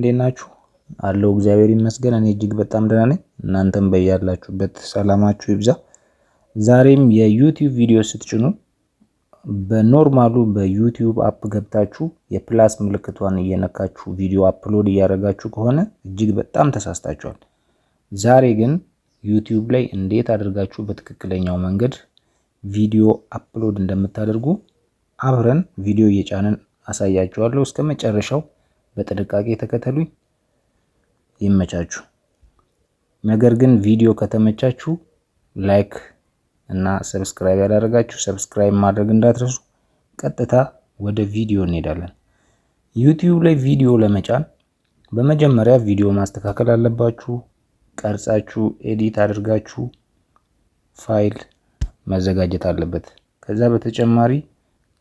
እንዴት ናችሁ? አለው እግዚአብሔር ይመስገን እኔ እጅግ በጣም ደህና ነኝ እናንተም በያላችሁበት ሰላማችሁ ይብዛ። ዛሬም የዩቲዩብ ቪዲዮ ስትጭኑ በኖርማሉ በዩቲዩብ አፕ ገብታችሁ የፕላስ ምልክቷን እየነካችሁ ቪዲዮ አፕሎድ እያደረጋችሁ ከሆነ እጅግ በጣም ተሳስታችኋል። ዛሬ ግን ዩቲዩብ ላይ እንዴት አድርጋችሁ በትክክለኛው መንገድ ቪዲዮ አፕሎድ እንደምታደርጉ አብረን ቪዲዮ እየጫንን አሳያችኋለሁ። እስከ መጨረሻው በጥንቃቄ ተከተሉኝ። ይመቻችሁ። ነገር ግን ቪዲዮ ከተመቻችሁ ላይክ እና ሰብስክራይብ ያላደረጋችሁ ሰብስክራይብ ማድረግ እንዳትረሱ። ቀጥታ ወደ ቪዲዮ እንሄዳለን። ዩቲዩብ ላይ ቪዲዮ ለመጫን በመጀመሪያ ቪዲዮ ማስተካከል አለባችሁ። ቀርጻችሁ ኤዲት አድርጋችሁ ፋይል መዘጋጀት አለበት። ከዛ በተጨማሪ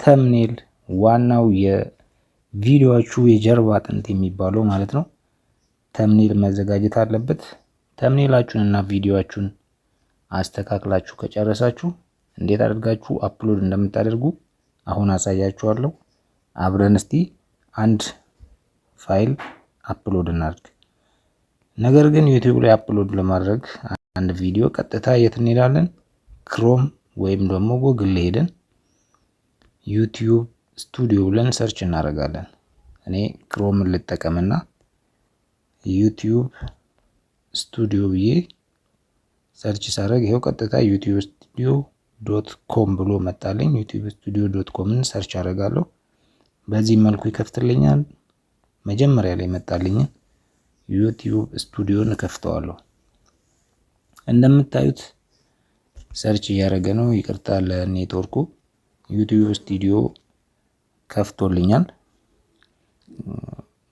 ተምኔል ዋናው የ ቪዲዮዎቹ የጀርባ አጥንት የሚባለው ማለት ነው ተምኔል መዘጋጀት አለበት። ተምኔላችሁን እና ቪዲዮአችሁን አስተካክላችሁ ከጨረሳችሁ እንዴት አድርጋችሁ አፕሎድ እንደምታደርጉ አሁን አሳያችኋለሁ። አብረን እስቲ አንድ ፋይል አፕሎድ እናድርግ። ነገር ግን ዩቲዩብ ላይ አፕሎድ ለማድረግ አንድ ቪዲዮ ቀጥታ የት እንሄዳለን? ክሮም ወይም ደግሞ ጎግል ሄደን ዩቲዩብ ስቱዲዮ ብለን ሰርች እናደርጋለን። እኔ ክሮምን ልጠቀምና ዩቲዩብ ስቱዲዮ ብዬ ሰርች ሳደርግ ይኸው ቀጥታ ዩቲዩብ ስቱዲዮ ዶት ኮም ብሎ መጣልኝ። ዩቲዩብ ስቱዲዮ ዶት ኮምን ሰርች አደርጋለሁ። በዚህ መልኩ ይከፍትልኛል። መጀመሪያ ላይ መጣልኝን ዩቲዩብ ስቱዲዮን እከፍተዋለሁ። እንደምታዩት ሰርች እያደረገ ነው። ይቅርታ ለኔትወርኩ ዩቲዩብ ስቱዲዮ ከፍቶልኛል።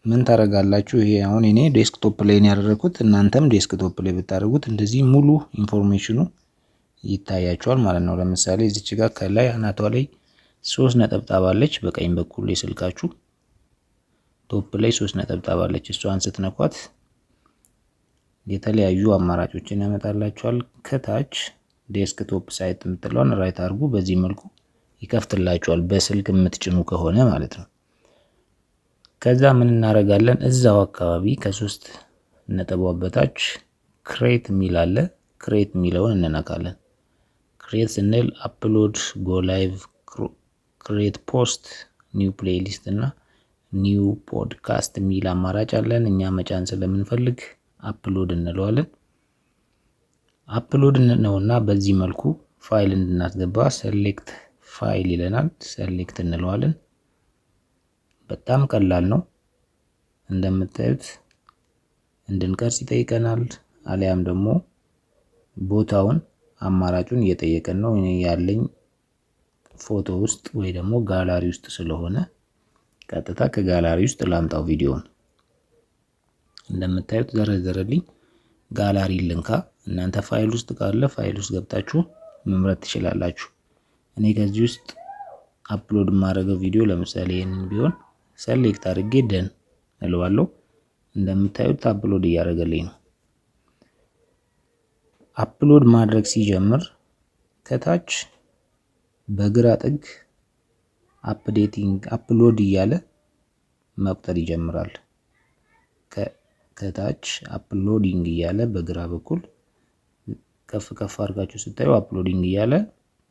ምን ታደርጋላችሁ? ይሄ አሁን እኔ ዴስክቶፕ ላይ ነው ያደረኩት። እናንተም ዴስክቶፕ ላይ ብታደርጉት እንደዚህ ሙሉ ኢንፎርሜሽኑ ይታያቸዋል ማለት ነው። ለምሳሌ እዚች ጋር ከላይ አናቷ ላይ ሶስት ነጠብጣብ አለች። በቀኝ በኩል የስልካችሁ ቶፕ ላይ ሶስት ነጠብጣብ አለች። እሷን ስትነኳት የተለያዩ አማራጮችን ያመጣላችኋል። ከታች ዴስክቶፕ ሳይት የምትለውን ራይት አድርጉ። በዚህ መልኩ ይከፍትላችኋል፣ በስልክ የምትጭኑ ከሆነ ማለት ነው። ከዛ ምን እናደርጋለን? እዛው አካባቢ ከሶስት ነጥቧ በታች ክሬት የሚል አለ። ክሬት የሚለውን እንነካለን። ክሬት ስንል አፕሎድ፣ ጎ ላይቭ፣ ክሬት ፖስት፣ ኒው ፕሌይሊስት እና ኒው ፖድካስት የሚል አማራጭ አለን። እኛ መጫን ስለምንፈልግ አፕሎድ እንለዋለን። አፕሎድ ነው እና በዚህ መልኩ ፋይል እንድናስገባ ሴሌክት ፋይል ይለናል። ሴሌክት እንለዋለን። በጣም ቀላል ነው። እንደምታዩት እንድንቀርጽ ይጠይቀናል። አሊያም ደግሞ ቦታውን አማራጩን እየጠየቀን ነው። እኔ ያለኝ ፎቶ ውስጥ ወይ ደግሞ ጋላሪ ውስጥ ስለሆነ ቀጥታ ከጋላሪ ውስጥ ላምጣው ቪዲዮውን። እንደምታዩት ዘረዘረልኝ። ጋላሪ ልንካ። እናንተ ፋይል ውስጥ ካለ ፋይል ውስጥ ገብታችሁ መምረጥ ትችላላችሁ። እኔ ከዚህ ውስጥ አፕሎድ የማደርገው ቪዲዮ ለምሳሌ ይህንን ቢሆን ሰሌክት አድርጌ ደን እለዋለሁ። እንደምታዩት አፕሎድ እያደረገልኝ ነው። አፕሎድ ማድረግ ሲጀምር ከታች በግራ ጥግ አፕዴቲንግ አፕሎድ እያለ መቁጠር ይጀምራል። ከታች አፕሎዲንግ እያለ በግራ በኩል ከፍ ከፍ አድርጋችሁ ስታዩ አፕሎዲንግ እያለ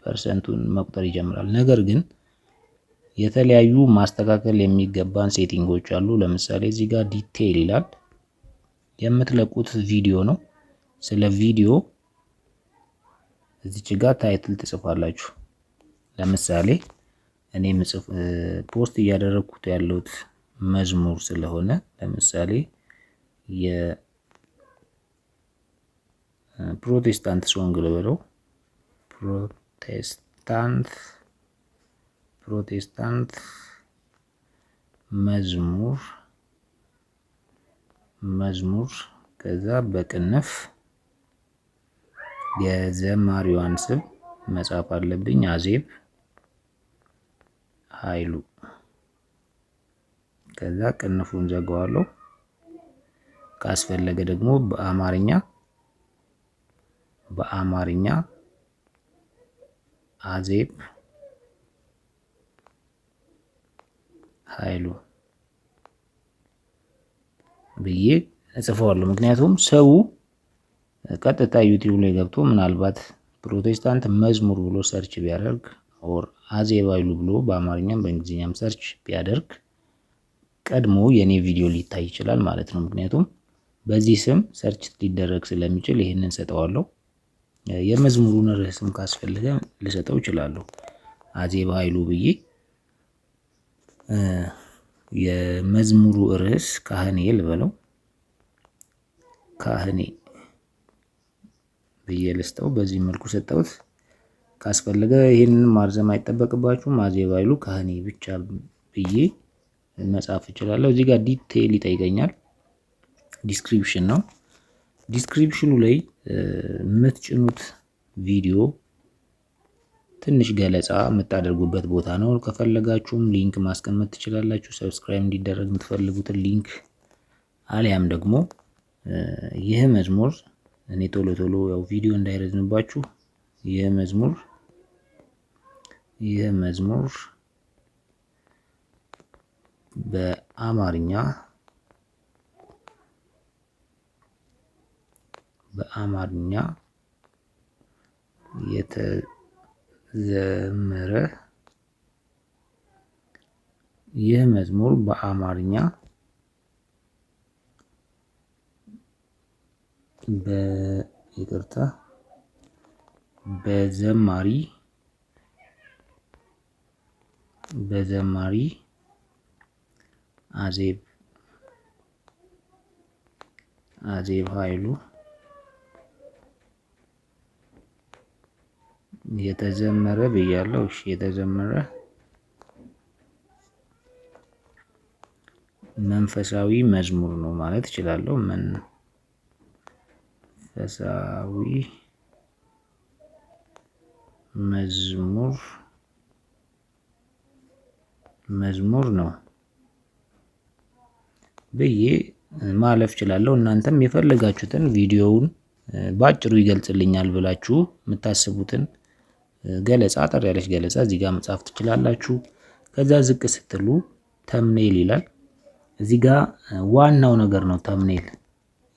ፐርሰንቱን መቁጠር ይጀምራል። ነገር ግን የተለያዩ ማስተካከል የሚገባን ሴቲንጎች አሉ። ለምሳሌ እዚህ ጋር ዲቴይል ይላል። የምትለቁት ቪዲዮ ነው። ስለ ቪዲዮ እዚች ጋር ታይትል ትጽፋላችሁ። ለምሳሌ እኔ ፖስት እያደረግኩት ያለሁት መዝሙር ስለሆነ ለምሳሌ የፕሮቴስታንት ሶንግ ልበለው ፕሮቴስታንት ፕሮቴስታንት መዝሙር መዝሙር ከዛ በቅንፍ የዘማሪዋን ስም መጻፍ አለብኝ። አዜብ ኃይሉ ከዛ ቅንፉን ዘጋዋለሁ። ካስፈለገ ደግሞ በአማርኛ በአማርኛ አዜብ ኃይሉ ብዬ እጽፈዋለሁ። ምክንያቱም ሰው ቀጥታ ዩቲዩብ ላይ ገብቶ ምናልባት ፕሮቴስታንት መዝሙር ብሎ ሰርች ቢያደርግ ኦር አዜብ ኃይሉ ብሎ በአማርኛም በእንግሊዝኛም ሰርች ቢያደርግ ቀድሞ የኔ ቪዲዮ ሊታይ ይችላል ማለት ነው። ምክንያቱም በዚህ ስም ሰርች ሊደረግ ስለሚችል ይህንን ሰጠዋለሁ። የመዝሙሩን ርዕስም ካስፈለገ ልሰጠው እችላለሁ። አዜብ ኃይሉ ብዬ የመዝሙሩ ርዕስ ካህኔ ልበለው ካህኔ ብዬ ልስጠው። በዚህ መልኩ ሰጠውት ካስፈለገ ይህንን ማርዘም አይጠበቅባችሁም። አዜብ ኃይሉ ካህኔ ብቻ ብዬ መጻፍ እችላለሁ። እዚህ ጋር ዲቴይል ይጠይቀኛል። ዲስክሪፕሽን ነው። ዲስክሪፕሽኑ ላይ የምትጭኑት ቪዲዮ ትንሽ ገለጻ የምታደርጉበት ቦታ ነው። ከፈለጋችሁም ሊንክ ማስቀመጥ ትችላላችሁ። ሰብስክራይብ እንዲደረግ የምትፈልጉትን ሊንክ አሊያም ደግሞ ይህ መዝሙር እኔ ቶሎ ቶሎ ያው ቪዲዮ እንዳይረዝምባችሁ ይህ መዝሙር ይህ መዝሙር በአማርኛ በአማርኛ የተዘመረ ይህ መዝሙር በአማርኛ በይቅርታ በዘማሪ በዘማሪ አዜብ አዜብ ኃይሉ የተዘመረ ብያለው። እሺ የተዘመረ መንፈሳዊ መዝሙር ነው ማለት እችላለሁ። መንፈሳዊ መዝሙር መዝሙር ነው ብዬ ማለፍ እችላለሁ። እናንተም የፈለጋችሁትን ቪዲዮውን በአጭሩ ይገልጽልኛል ብላችሁ የምታስቡትን ገለጻ አጠር ያለች ገለጻ እዚህ ጋር መጻፍ ትችላላችሁ። ከዛ ዝቅ ስትሉ ተምኔል ይላል። እዚህ ጋር ዋናው ነገር ነው ተምኔል።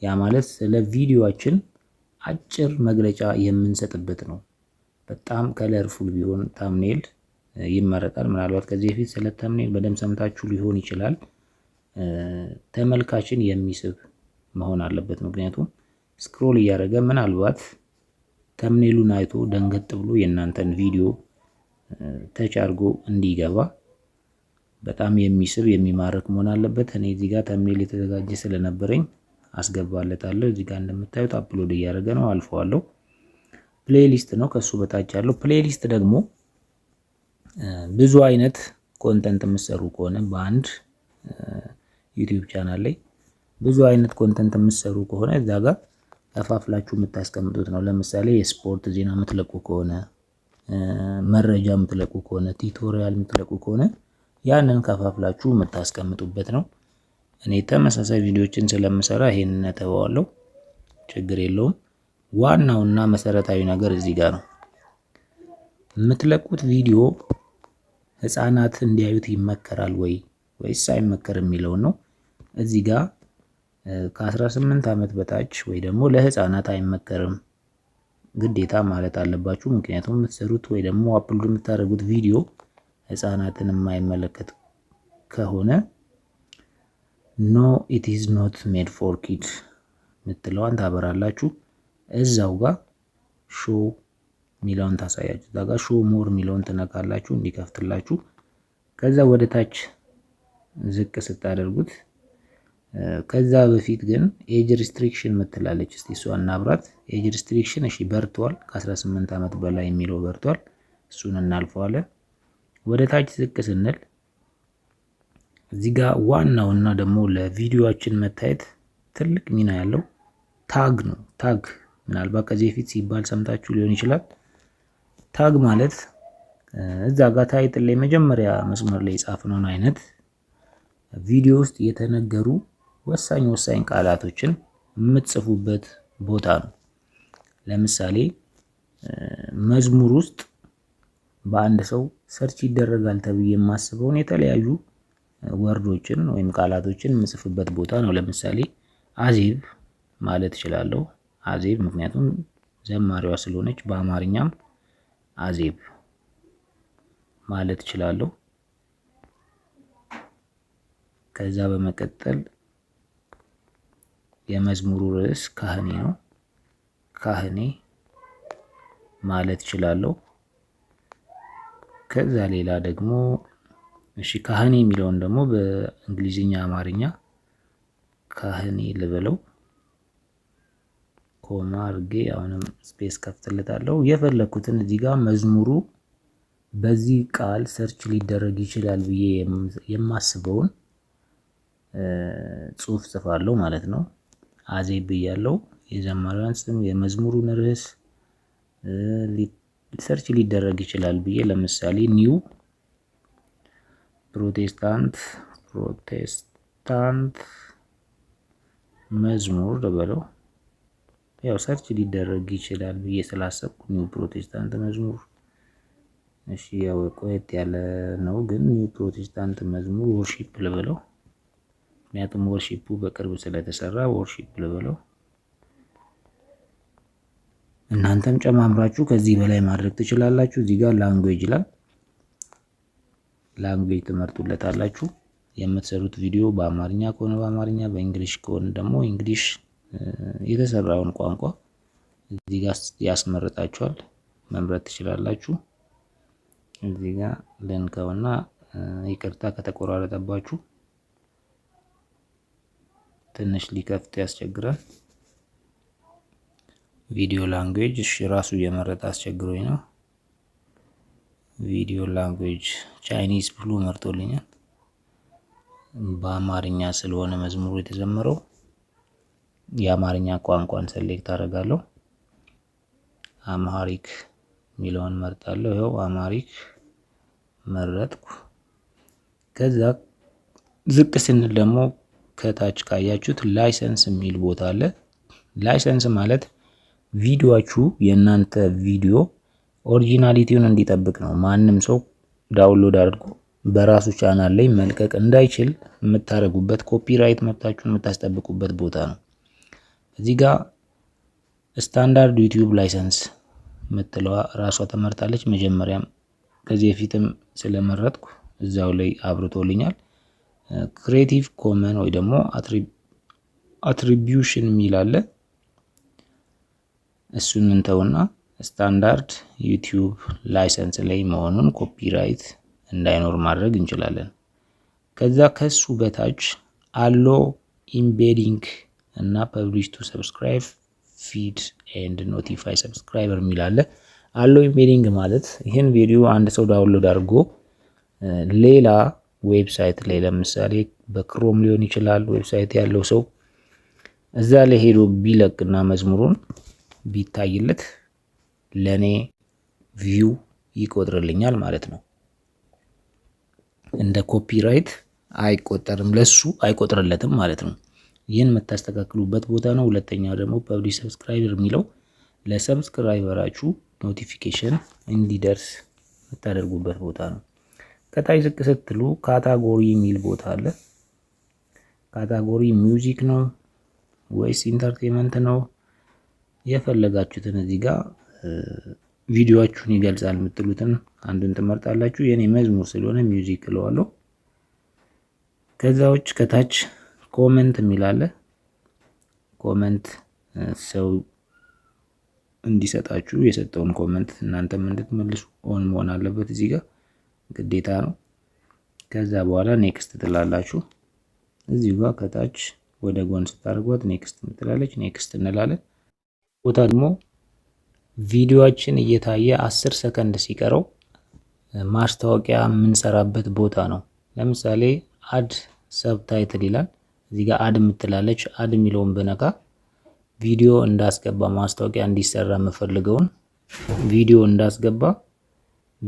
ያ ማለት ስለ ቪዲዮአችን አጭር መግለጫ የምንሰጥበት ነው። በጣም ከለርፉል ቢሆን ተምኔል ይመረጣል። ምናልባት ከዚህ በፊት ስለ ተምኔል በደንብ ሰምታችሁ ሊሆን ይችላል። ተመልካችን የሚስብ መሆን አለበት። ምክንያቱም ስክሮል እያደረገ ምናልባት ተምኔሉን አይቶ ደንገጥ ብሎ የእናንተን ቪዲዮ ተች አድርጎ እንዲገባ በጣም የሚስብ የሚማርክ መሆን አለበት። እኔ እዚህ ጋር ተምኔል የተዘጋጀ ስለነበረኝ አስገባለታለሁ። እዚህ ጋር እንደምታዩት አፕሎድ እያደረገ ነው። አልፈዋለሁ። ፕሌሊስት ነው ከሱ በታች ያለው ፕሌሊስት ደግሞ ብዙ አይነት ኮንተንት የምትሰሩ ከሆነ በአንድ ዩቲዩብ ቻናል ላይ ብዙ አይነት ኮንተንት የምትሰሩ ከሆነ እዛ ጋር ከፋፍላችሁ የምታስቀምጡት ነው። ለምሳሌ የስፖርት ዜና የምትለቁ ከሆነ መረጃ የምትለቁ ከሆነ ቲቶሪያል የምትለቁ ከሆነ ያንን ከፋፍላችሁ የምታስቀምጡበት ነው። እኔ ተመሳሳይ ቪዲዮዎችን ስለምሰራ ይሄን ነጥበዋለሁ፣ ችግር የለውም። ዋናውና መሰረታዊ ነገር እዚህ ጋር ነው። የምትለቁት ቪዲዮ ህፃናት እንዲያዩት ይመከራል ወይ ወይስ አይመከርም የሚለውን ነው እዚህ ጋር ከ18 ዓመት በታች ወይ ደግሞ ለህፃናት አይመከርም ግዴታ ማለት አለባችሁ። ምክንያቱም የምትሰሩት ወይ ደግሞ አፕሎድ የምታደርጉት ቪዲዮ ህፃናትን የማይመለከት ከሆነ ኖ ኢት ኢዝ ኖት ሜድ ፎር ኪድ የምትለዋን ታበራላችሁ። እዛው ጋር ሾ ሚለውን ታሳያችሁ። እዛ ጋር ሾ ሞር ሚለውን ትነካላችሁ እንዲከፍትላችሁ። ከዛ ወደ ታች ዝቅ ስታደርጉት ከዛ በፊት ግን ኤጅ ሪስትሪክሽን ምትላለች። እስቲ እሷን እናብራት። ኤጅ ሪስትሪክሽን እሺ በርቷል፣ ከ18 ዓመት በላይ የሚለው በርቷል። እሱን እናልፈዋለን። ወደ ታች ዝቅ ስንል እዚህ ጋ ዋናው እና ደግሞ ለቪዲዮችን መታየት ትልቅ ሚና ያለው ታግ ነው። ታግ ምናልባት ከዚህ በፊት ሲባል ሰምታችሁ ሊሆን ይችላል። ታግ ማለት እዛ ጋር ታይትል ላይ መጀመሪያ መስመር ላይ የጻፍነውን አይነት ቪዲዮ ውስጥ የተነገሩ ወሳኝ ወሳኝ ቃላቶችን የምትጽፉበት ቦታ ነው። ለምሳሌ መዝሙር ውስጥ በአንድ ሰው ሰርች ይደረጋል ተብዬ የማስበውን የተለያዩ ወርዶችን ወይም ቃላቶችን የምጽፍበት ቦታ ነው። ለምሳሌ አዜብ ማለት እችላለሁ። አዜብ ምክንያቱም ዘማሪዋ ስለሆነች በአማርኛም አዜብ ማለት እችላለሁ። ከዛ በመቀጠል የመዝሙሩ ርዕስ ካህኔ ነው። ካህኔ ማለት እችላለሁ። ከዛ ሌላ ደግሞ እሺ ካህኔ የሚለውን ደግሞ በእንግሊዝኛ አማርኛ ካህኔ ልበለው ኮማ አርጌ አሁንም ስፔስ ከፍትለታለሁ። የፈለግኩትን እዚህ ጋር መዝሙሩ በዚህ ቃል ሰርች ሊደረግ ይችላል ብዬ የማስበውን ጽሑፍ ጽፋለሁ ማለት ነው። አዜብ ብያለው የዘማሪዋን ስም የመዝሙሩን ርዕስ ሰርች ሊደረግ ይችላል ብዬ ለምሳሌ ኒው ፕሮቴስታንት ፕሮቴስታንት መዝሙር በለው ያው ሰርች ሊደረግ ይችላል ብዬ ስላሰብኩ ኒው ፕሮቴስታንት መዝሙር። እሺ ያው ቆየት ያለ ነው ግን ኒው ፕሮቴስታንት መዝሙር ወርሺፕ ልበለው ምክንያቱም ወርሺፑ በቅርብ ስለተሰራ ወርሺፕ ልበለው። እናንተም ጨማምራችሁ ከዚህ በላይ ማድረግ ትችላላችሁ። እዚህ ጋር ላንጉዌጅ ይላል። ላንጉዌጅ ትመርጡለታላችሁ። የምትሰሩት ቪዲዮ በአማርኛ ከሆነ በአማርኛ፣ በእንግሊሽ ከሆነ ደግሞ እንግሊሽ የተሰራውን ቋንቋ እዚህ ጋር ያስመርጣችኋል። መምረጥ ትችላላችሁ። እዚህ ጋር ልንከውና ይቅርታ ከተቆራረጠባችሁ ትንሽ ሊከፍት ያስቸግራል። ቪዲዮ ላንጉዌጅ እሺ፣ ራሱ እየመረጠ አስቸግሮኝ ነው። ቪዲዮ ላንጉዌጅ ቻይኒዝ ብሎ መርጦልኛል። በአማርኛ ስለሆነ መዝሙሩ የተዘመረው የአማርኛ ቋንቋን ሰሌክት አደርጋለሁ። አማሪክ የሚለውን መርጣለሁ። ይኸው አማሪክ መረጥኩ። ከዛ ዝቅ ስንል ደግሞ ከታች ካያችሁት ላይሰንስ የሚል ቦታ አለ። ላይሰንስ ማለት ቪዲዮአችሁ የእናንተ ቪዲዮ ኦሪጂናሊቲውን እንዲጠብቅ ነው። ማንም ሰው ዳውንሎድ አድርጎ በራሱ ቻናል ላይ መልቀቅ እንዳይችል የምታደርጉበት ኮፒራይት መብታችሁን የምታስጠብቁበት ቦታ ነው። እዚህ ጋር ስታንዳርድ ዩቲዩብ ላይሰንስ ምትለዋ ራሷ ተመርጣለች። መጀመሪያም ከዚህ በፊትም ስለመረጥኩ እዛው ላይ አብርቶልኛል። ክሬቲቭ ኮመን ወይ ደግሞ አትሪቢዩሽን የሚል አለ። እሱን እንተውና ስታንዳርድ ዩቲዩብ ላይሰንስ ላይ መሆኑን ኮፒራይት እንዳይኖር ማድረግ እንችላለን። ከዛ ከሱ በታች አሎ ኢምቤዲንግ እና ፐብሊሽ ቱ ሰብስክራይብ ፊድ ኤንድ ኖቲፋይ ሰብስክራይበር የሚል አለ። አሎ ኢምቤዲንግ ማለት ይህን ቪዲዮ አንድ ሰው ዳውንሎድ አድርጎ ሌላ ዌብሳይት ላይ ለምሳሌ በክሮም ሊሆን ይችላል። ዌብሳይት ያለው ሰው እዛ ላይ ሄዶ ቢለቅና መዝሙሩን ቢታይለት ለእኔ ቪው ይቆጥርልኛል ማለት ነው። እንደ ኮፒራይት አይቆጠርም፣ ለሱ አይቆጥርለትም ማለት ነው። ይህን የምታስተካክሉበት ቦታ ነው። ሁለተኛው ደግሞ ፐብሊሽ ሰብስክራይበር የሚለው ለሰብስክራይበራችሁ ኖቲፊኬሽን እንዲደርስ የምታደርጉበት ቦታ ነው። ከታይ ዝቅ ስትሉ ካታጎሪ የሚል ቦታ አለ። ካታጎሪ ሚውዚክ ነው ወይስ ኢንተርቴንመንት ነው? የፈለጋችሁትን እዚህ ጋር ቪዲዮችሁን ይገልጻል የምትሉትን አንዱን ትመርጣላችሁ። የኔ መዝሙር ስለሆነ ሚውዚክ እለዋለሁ። ከዛ ውጭ ከታች ኮመንት የሚላለ ኮመንት ሰው እንዲሰጣችሁ የሰጠውን ኮመንት እናንተም እንድትመልሱ ኦን መሆን አለበት እዚህ ጋር ግዴታ ነው። ከዛ በኋላ ኔክስት ትላላችሁ። እዚሁ ጋር ከታች ወደ ጎን ስታደርጓት ኔክስት ትላለች። ኔክስት እንላለን። ቦታ ደግሞ ቪዲዮአችን እየታየ አስር ሰከንድ ሲቀረው ማስታወቂያ የምንሰራበት ቦታ ነው። ለምሳሌ አድ ሰብታይትል ይላል። እዚህ ጋር አድ የምትላለች አድ የሚለውን ብነካ ቪዲዮ እንዳስገባ ማስታወቂያ እንዲሰራ የምፈልገውን ቪዲዮ እንዳስገባ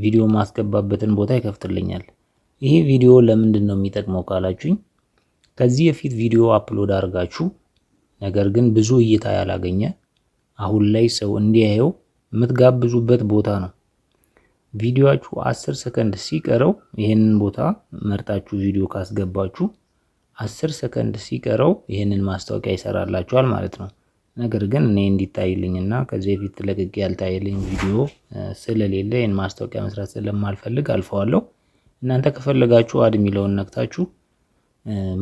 ቪዲዮ ማስገባበትን ቦታ ይከፍትልኛል። ይሄ ቪዲዮ ለምንድን ነው የሚጠቅመው ካላችሁኝ ከዚህ የፊት ቪዲዮ አፕሎድ አድርጋችሁ ነገር ግን ብዙ እይታ ያላገኘ አሁን ላይ ሰው እንዲያየው የምትጋብዙበት ቦታ ነው። ቪዲዮአችሁ አስር ሰከንድ ሲቀረው ይህንን ቦታ መርጣችሁ ቪዲዮ ካስገባችሁ አስር ሰከንድ ሲቀረው ይህንን ማስታወቂያ ይሰራላችኋል ማለት ነው። ነገር ግን እኔ እና ከዚህ በፊት ለቅቄ ያልታየልኝ ቪዲዮ ስለሌለ ይህን ማስታወቂያ መስራት ስለማልፈልግ አልፈዋለሁ። እናንተ ከፈለጋችሁ አድ የሚለውን ነክታችሁ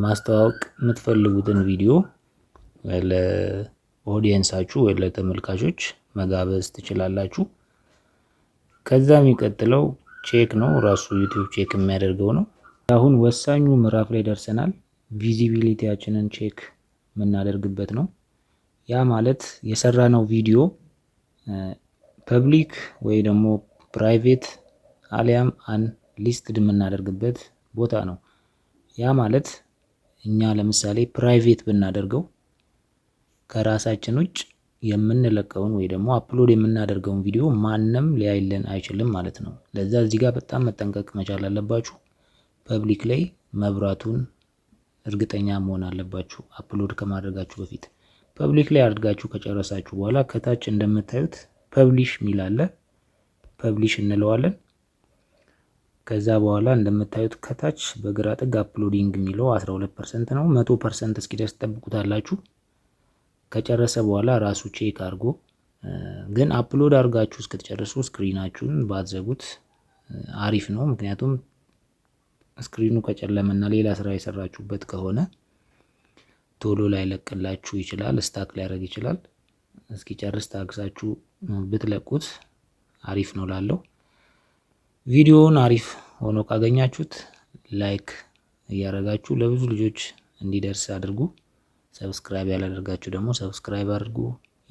ማስተዋወቅ የምትፈልጉትን ቪዲዮ ለኦዲየንሳችሁ ወይ ለተመልካቾች መጋበዝ ትችላላችሁ። ከዛ የሚቀጥለው ቼክ ነው፣ ራሱ ዩቲዩብ ቼክ የሚያደርገው ነው። አሁን ወሳኙ ምዕራፍ ላይ ደርሰናል። ቪዚቢሊቲያችንን ቼክ የምናደርግበት ነው። ያ ማለት የሰራ ነው ቪዲዮ ፐብሊክ ወይ ደግሞ ፕራይቬት አሊያም አን ሊስትድ የምናደርግበት ቦታ ነው። ያ ማለት እኛ ለምሳሌ ፕራይቬት ብናደርገው ከራሳችን ውጭ የምንለቀውን ወይ ደግሞ አፕሎድ የምናደርገውን ቪዲዮ ማንም ሊያይልን አይችልም ማለት ነው። ለዛ እዚህ ጋር በጣም መጠንቀቅ መቻል አለባችሁ። ፐብሊክ ላይ መብራቱን እርግጠኛ መሆን አለባችሁ አፕሎድ ከማድረጋችሁ በፊት ፐብሊክ ላይ አድርጋችሁ ከጨረሳችሁ በኋላ ከታች እንደምታዩት ፐብሊሽ ሚል አለ። ፐብሊሽ እንለዋለን። ከዛ በኋላ እንደምታዩት ከታች በግራ ጥግ አፕሎዲንግ የሚለው 12 ፐርሰንት ነው። መቶ እስኪደርስ ትጠብቁታላችሁ። ከጨረሰ በኋላ ራሱ ቼክ አድርጎ ግን አፕሎድ አድርጋችሁ እስክትጨርሱ ስክሪናችሁን ባትዘጉት አሪፍ ነው። ምክንያቱም ስክሪኑ ከጨለመና ሌላ ስራ የሰራችሁበት ከሆነ ቶሎ ላይለቅላችሁ ይችላል፣ ስታክ ሊያደርግ ይችላል። እስኪ ጨርስ ታግሳችሁ ብትለቁት አሪፍ ነው ላለው ቪዲዮውን አሪፍ ሆኖ ካገኛችሁት ላይክ እያደረጋችሁ ለብዙ ልጆች እንዲደርስ አድርጉ። ሰብስክራይብ ያላደርጋችሁ ደግሞ ሰብስክራይብ አድርጉ።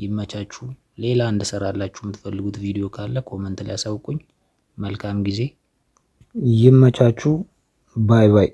ይመቻችሁ። ሌላ እንድሰራላችሁ የምትፈልጉት ቪዲዮ ካለ ኮመንት ላይ አሳውቁኝ። መልካም ጊዜ። ይመቻችሁ። ባይ ባይ።